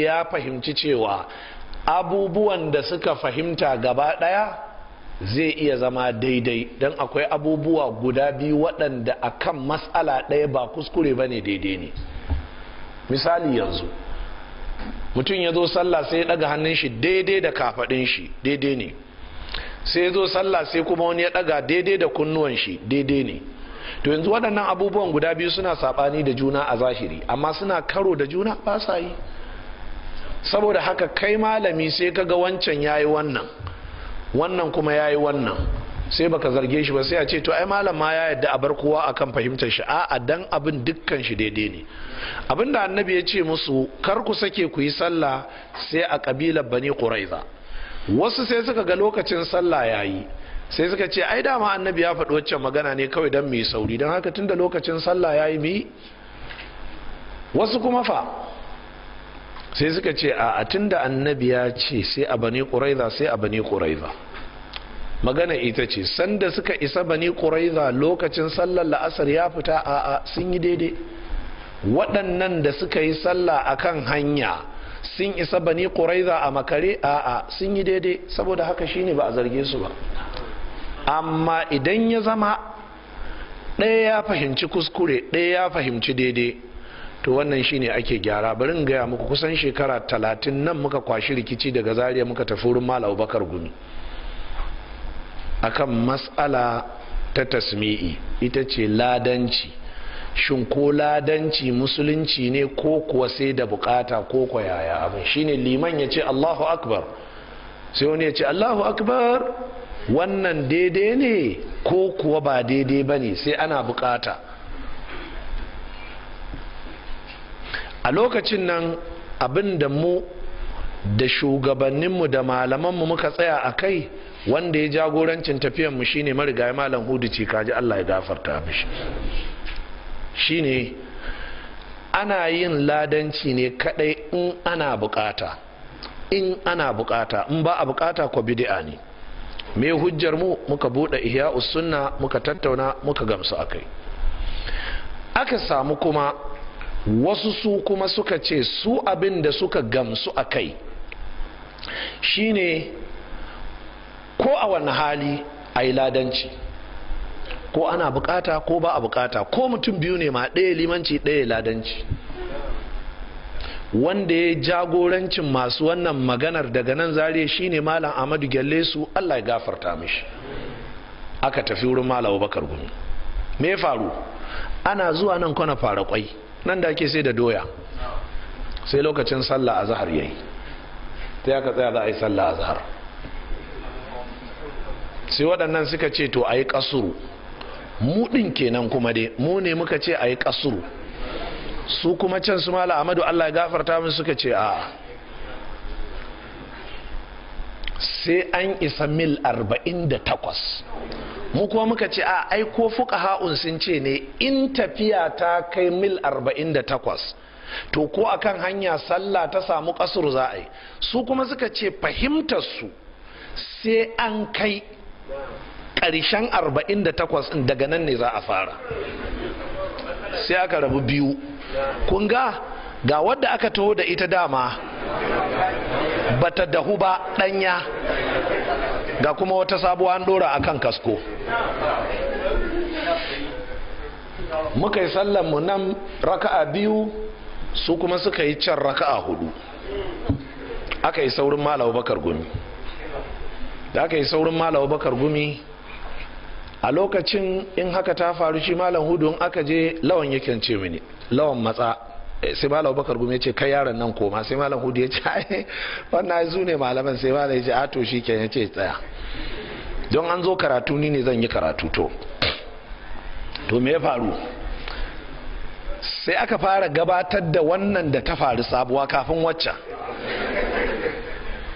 ya fahimci cewa abubuwan da suka fahimta gaba ɗaya zai iya zama daidai don akwai abubuwa guda biyu waɗanda a kan matsala ɗaya ba kuskure ba ne daidai ne misali yanzu mutum ya zo sallah sai ya ɗaga hannun shi daidai da kafaɗin shi daidai ne sai ya zo sallah sai kuma wani ya ɗaga daidai da kunnuwan shi daidai ne to yanzu waɗannan abubuwan guda biyu suna saɓani da juna a zahiri amma suna karo da juna ba sa yi saboda haka kai malami sai ka ga wancan yi wannan wannan kuma ya yi wannan sai baka zarge shi ba sai a ce to ai malam ma ya yadda a bar kowa akan fahimtar shi a'a dan abin dukkan shi daidai ne Abin da annabi ya ce musu kar ku sake ku yi sallah sai a kabilar bani quraiza wasu sai suka ga lokacin sallah yayi sai suka ce ai dama annabi ya faɗi waccan magana ne kawai don mai sauri don haka tunda lokacin sallah ya yi mi wasu kuma fa sai suka ce a tun da annabi ya ce sai a bani ƙuraiza sai a bani ƙuraiza magana ita ce sanda suka isa bani ƙuraiza lokacin sallar la'asar ya fita a a sun yi daidai waɗannan da suka yi sallah a kan hanya sun isa bani ƙuraiza a makare a a sun yi daidai saboda haka shine ba a zarge su ba amma idan ya zama ɗaya ya fahimci kuskure ɗaya ya fahimci daidai to wannan shine ake gyara bari gaya muku kusan shekara talatin nan muka kwashi rikici daga zariya muka tafi wurin mala abubakar gumi akan matsala ta tasmi'i ita ce ladanci shin ko ladanci musulunci ne ko kuwa sai da bukata ko kwayaya abin shine liman ya ce allahu akbar sai wani ya ce allahu akbar wannan daidai ne ko kuwa ba daidai ba ne sai ana bukata a lokacin nan abin da mu da shugabanninmu da malamanmu muka tsaya a kai wanda ya jagorancin tafiyanmu shine marigayi malam hudu ce kaji Allah ya gafarta mishi ne ana yin ladanci ne kadai in ana bukata in ana bukata in ba a bukata ko bid'a ne me hujjar mu muka bude ihya sunna muka tattauna muka gamsu akai aka samu kuma wasu su kuma suka ce su abin da suka gamsu a kai shine ko a wani hali a yi ladanci ko ana bukata ko ba a bukata ko mutum biyu ne ma ɗaya limanci ɗaya ladanci wanda ya jagorancin masu wannan maganar daga nan zariya shine malam amadu gyalle su allah ya gafarta mishi aka tafi wurin malam bakar gumi me faru ana zuwa nan kwana fara kwai nan da ake sai da doya sai lokacin sallah a zahar yayi ta ya tsaya za a yi sallah a zahar sai waɗannan suka ce to a yi ƙasuru muɗin kenan kuma dai mu ne muka ce a yi ƙasuru su kuma can su mala amadu allah ya gafarta min suka ce a sai an isa mil arba'in da takwas mu kuma muka ce a ai ko fuqaha'un sun ce ne in tafiya ta kai mil 48 to ko akan hanya sallah ta samu kasur za a yi su kuma suka ce fahimtar su sai an kai ƙarshen 48 daga nan ne za a fara sai aka rabu biyu kun ga ga wadda aka taho da ita dama bata dahu ba ɗanya ga kuma wata sabuwa an dora kan kasko muka yi mu nan raka'a biyu su kuma suka yi can raka'a hudu aka yi saurin malawa bakar gumi da aka yi saurin malawa bakar gumi a lokacin in haka ta faru shi malam hudu in aka je lawan yakan ce mini lawan matsa sai malam bakar gume ce kai yaron nan koma sai malam hudu ya ce ai wannan su zune malaman sai malam ya ce a to shi ke ya ce tsaya don an zo karatu ni ne zan yi karatu to to me ya faru sai aka fara gabatar da wannan da ta faru sabuwa kafin waccan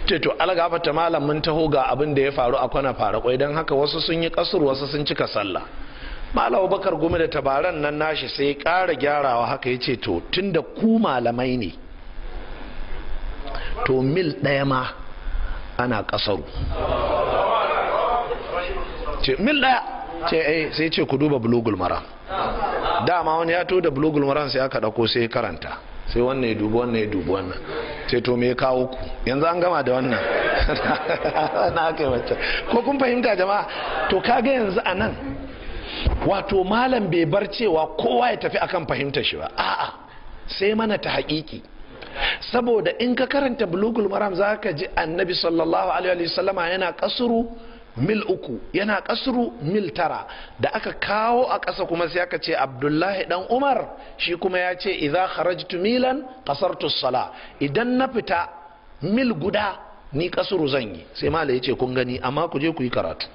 ce to algafata malam mun taho ga abin da ya faru a kwana fara kwai don haka wasu sun yi kasur wasu sun cika sallah malam abubakar gumi da tabaran nan nashi sai ƙara gyarawa haka ya ce to tun da ku malamai ne to mil ɗaya ma ana ƙasaru ce mil ɗaya ce eh sai ce ku duba bulugul mara dama wani ya to da bulugul mara sai aka ɗauko sai karanta sai wannan ya dubi wannan ya dubi wannan sai to me kawo ku yanzu an gama da wannan na aka yi ko kun fahimta jama'a to kaga yanzu a nan wato malam bai bar cewa kowa ya tafi akan fahimta shi ba a'a sai mana ta haƙiƙi saboda in ka karanta bulugul maram za ka ji annabi sallallahu alaihi wasallama yana kasuru mil uku yana kasuru mil tara da aka kawo a ƙasa kuma sai aka ce abdullahi dan umar shi kuma ya ce idza kharajtu milan qasartu sala idan na fita mil guda ni kasuru zan yi sai malam ya ce kun gani amma ku je ku yi karatu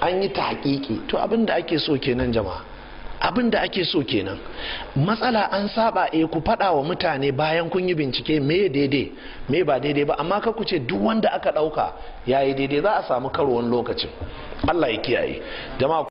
an yi ta hakiki to abin da ake so kenan jama'a abin da ake so kenan matsala an saba e ku faɗa wa mutane bayan kun yi bincike me daidai me ba daidai ba amma ka ku ce duk wanda aka ɗauka yayi daidai za a samu karo wani lokacin allah ya kiyaye jama'a